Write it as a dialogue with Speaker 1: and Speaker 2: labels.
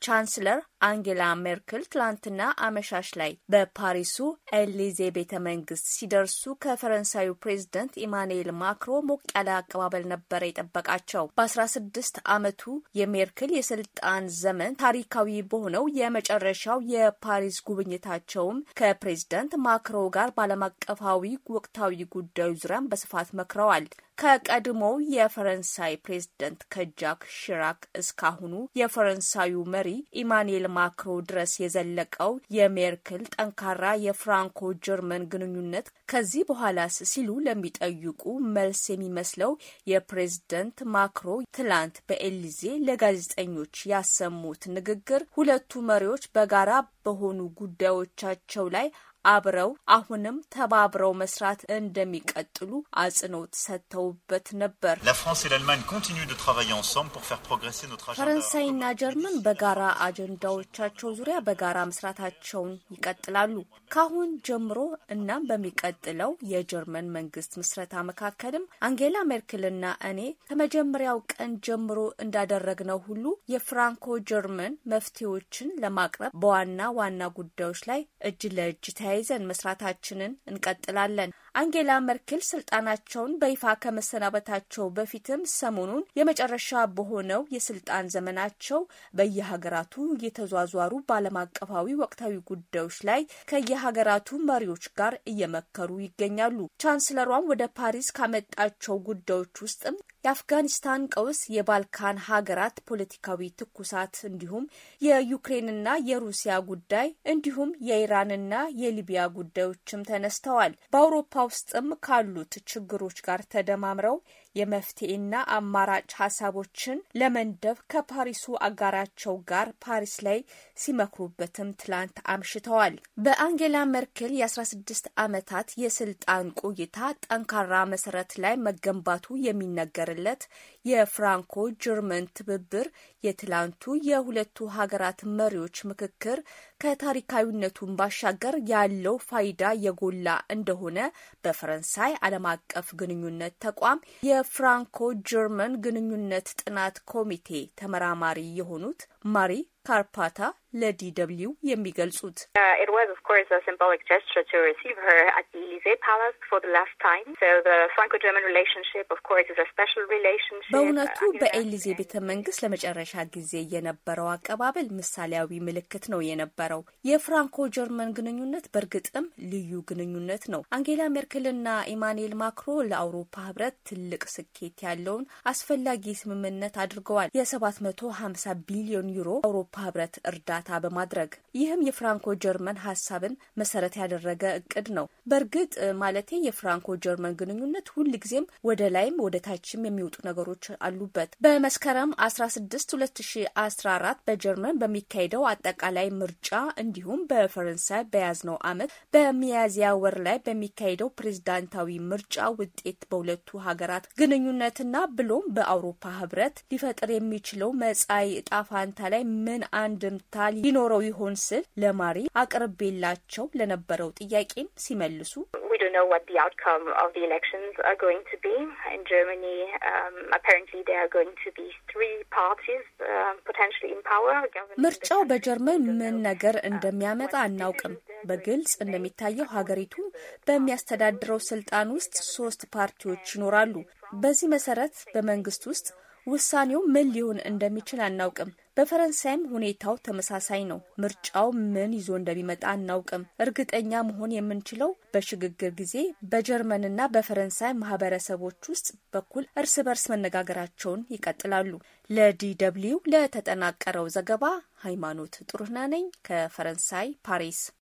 Speaker 1: Chancellor አንጌላ ሜርክል ትላንትና አመሻሽ ላይ በፓሪሱ ኤሊዜ ቤተ መንግስት ሲደርሱ ከፈረንሳዩ ፕሬዚደንት ኢማኑኤል ማክሮ ሞቅ ያለ አቀባበል ነበረ የጠበቃቸው። በአስራ ስድስት አመቱ የሜርክል የስልጣን ዘመን ታሪካዊ በሆነው የመጨረሻው የፓሪስ ጉብኝታቸውም ከፕሬዚደንት ማክሮ ጋር በዓለም አቀፋዊ ወቅታዊ ጉዳዩ ዙሪያም በስፋት መክረዋል። ከቀድሞው የፈረንሳይ ፕሬዝደንት ከጃክ ሽራክ እስካሁኑ የፈረንሳዩ መሪ ኢማኑኤል ማክሮ ድረስ የዘለቀው የሜርክል ጠንካራ የፍራንኮ ጀርመን ግንኙነት ከዚህ በኋላስ ሲሉ ለሚጠይቁ መልስ የሚመስለው የፕሬዝደንት ማክሮ ትላንት በኤሊዜ ለጋዜጠኞች ያሰሙት ንግግር ሁለቱ መሪዎች በጋራ በሆኑ ጉዳዮቻቸው ላይ አብረው አሁንም ተባብረው መስራት እንደሚቀጥሉ አጽንኦት ሰጥተውበት ነበር። ፈረንሳይና ጀርመን በጋራ አጀንዳዎቻቸው ዙሪያ በጋራ መስራታቸውን ይቀጥላሉ ካሁን ጀምሮ። እናም በሚቀጥለው የጀርመን መንግስት ምስረታ መካከልም አንጌላ ሜርክልና እኔ ከመጀመሪያው ቀን ጀምሮ እንዳደረግነው ሁሉ የፍራንኮ ጀርመን መፍትሄዎችን ለማቅረብ በዋና ዋና ጉዳዮች ላይ እጅ ለእጅ ተያይዘን መስራታችንን እንቀጥላለን። አንጌላ መርክል ስልጣናቸውን በይፋ ከመሰናበታቸው በፊትም ሰሞኑን የመጨረሻ በሆነው የስልጣን ዘመናቸው በየሀገራቱ እየተዟዟሩ በዓለም አቀፋዊ ወቅታዊ ጉዳዮች ላይ ከየሀገራቱ መሪዎች ጋር እየመከሩ ይገኛሉ። ቻንስለሯም ወደ ፓሪስ ካመጣቸው ጉዳዮች ውስጥም የአፍጋኒስታን ቀውስ፣ የባልካን ሀገራት ፖለቲካዊ ትኩሳት እንዲሁም የዩክሬንና የሩሲያ ጉዳይ እንዲሁም የኢራንና የሊቢያ ጉዳዮችም ተነስተዋል። በአውሮፓ ውስጥም ካሉት ችግሮች ጋር ተደማምረው የመፍትሄና አማራጭ ሀሳቦችን ለመንደብ ከፓሪሱ አጋራቸው ጋር ፓሪስ ላይ ሲመክሩበትም ትላንት አምሽተዋል። በአንጌላ መርክል የ16 ዓመታት የስልጣን ቆይታ ጠንካራ መሰረት ላይ መገንባቱ የሚነገር ሲነገርለት የፍራንኮ ጀርመን ትብብር የትላንቱ የሁለቱ ሀገራት መሪዎች ምክክር ከታሪካዊነቱን ባሻገር ያለው ፋይዳ የጎላ እንደሆነ በፈረንሳይ ዓለም አቀፍ ግንኙነት ተቋም የፍራንኮ ጀርመን ግንኙነት ጥናት ኮሚቴ ተመራማሪ የሆኑት ማሪ ካርፓታ ለዲ ደብልዩ የሚገልጹት uh, በእውነቱ uh, uh, በኤሊዜ ቤተ መንግስት ለመጨረሻ ጊዜ የነበረው አቀባበል ምሳሌያዊ ምልክት ነው የነበረ። የተጀመረው። የፍራንኮ ጀርመን ግንኙነት በእርግጥም ልዩ ግንኙነት ነው። አንጌላ ሜርክልና ኢማኑኤል ማክሮ ለአውሮፓ ህብረት ትልቅ ስኬት ያለውን አስፈላጊ ስምምነት አድርገዋል። የ750 ቢሊዮን ዩሮ አውሮፓ ህብረት እርዳታ በማድረግ ይህም የፍራንኮ ጀርመን ሀሳብን መሰረት ያደረገ እቅድ ነው። በእርግጥ ማለቴ የፍራንኮ ጀርመን ግንኙነት ሁልጊዜም ወደ ላይም ወደ ታችም የሚወጡ ነገሮች አሉበት። በመስከረም 16 2014 በጀርመን በሚካሄደው አጠቃላይ ምርጫ እንዲሁም በፈረንሳይ በያዝነው ዓመት በሚያዝያ ወር ላይ በሚካሄደው ፕሬዝዳንታዊ ምርጫ ውጤት በሁለቱ ሀገራት ግንኙነትና ብሎም በአውሮፓ ህብረት ሊፈጥር የሚችለው መጻኢ ዕጣ ላይ ምን አንድምታ ሊኖረው ይሆን ስል ለማሪ አቅርቤላቸው ለነበረው ጥያቄም ሲመልሱ um, um, ምርጫው በጀርመን ምን ነገር ነገር እንደሚያመጣ አናውቅም። በግልጽ እንደሚታየው ሀገሪቱ በሚያስተዳድረው ስልጣን ውስጥ ሶስት ፓርቲዎች ይኖራሉ። በዚህ መሰረት በመንግስት ውስጥ ውሳኔው ምን ሊሆን እንደሚችል አናውቅም። በፈረንሳይም ሁኔታው ተመሳሳይ ነው። ምርጫው ምን ይዞ እንደሚመጣ አናውቅም። እርግጠኛ መሆን የምንችለው በሽግግር ጊዜ በጀርመንና በፈረንሳይ ማህበረሰቦች ውስጥ በኩል እርስ በርስ መነጋገራቸውን ይቀጥላሉ። ለዲ ደብልዩ ለተጠናቀረው ዘገባ ሃይማኖት ጥሩነህ ነኝ ከፈረንሳይ ፓሪስ።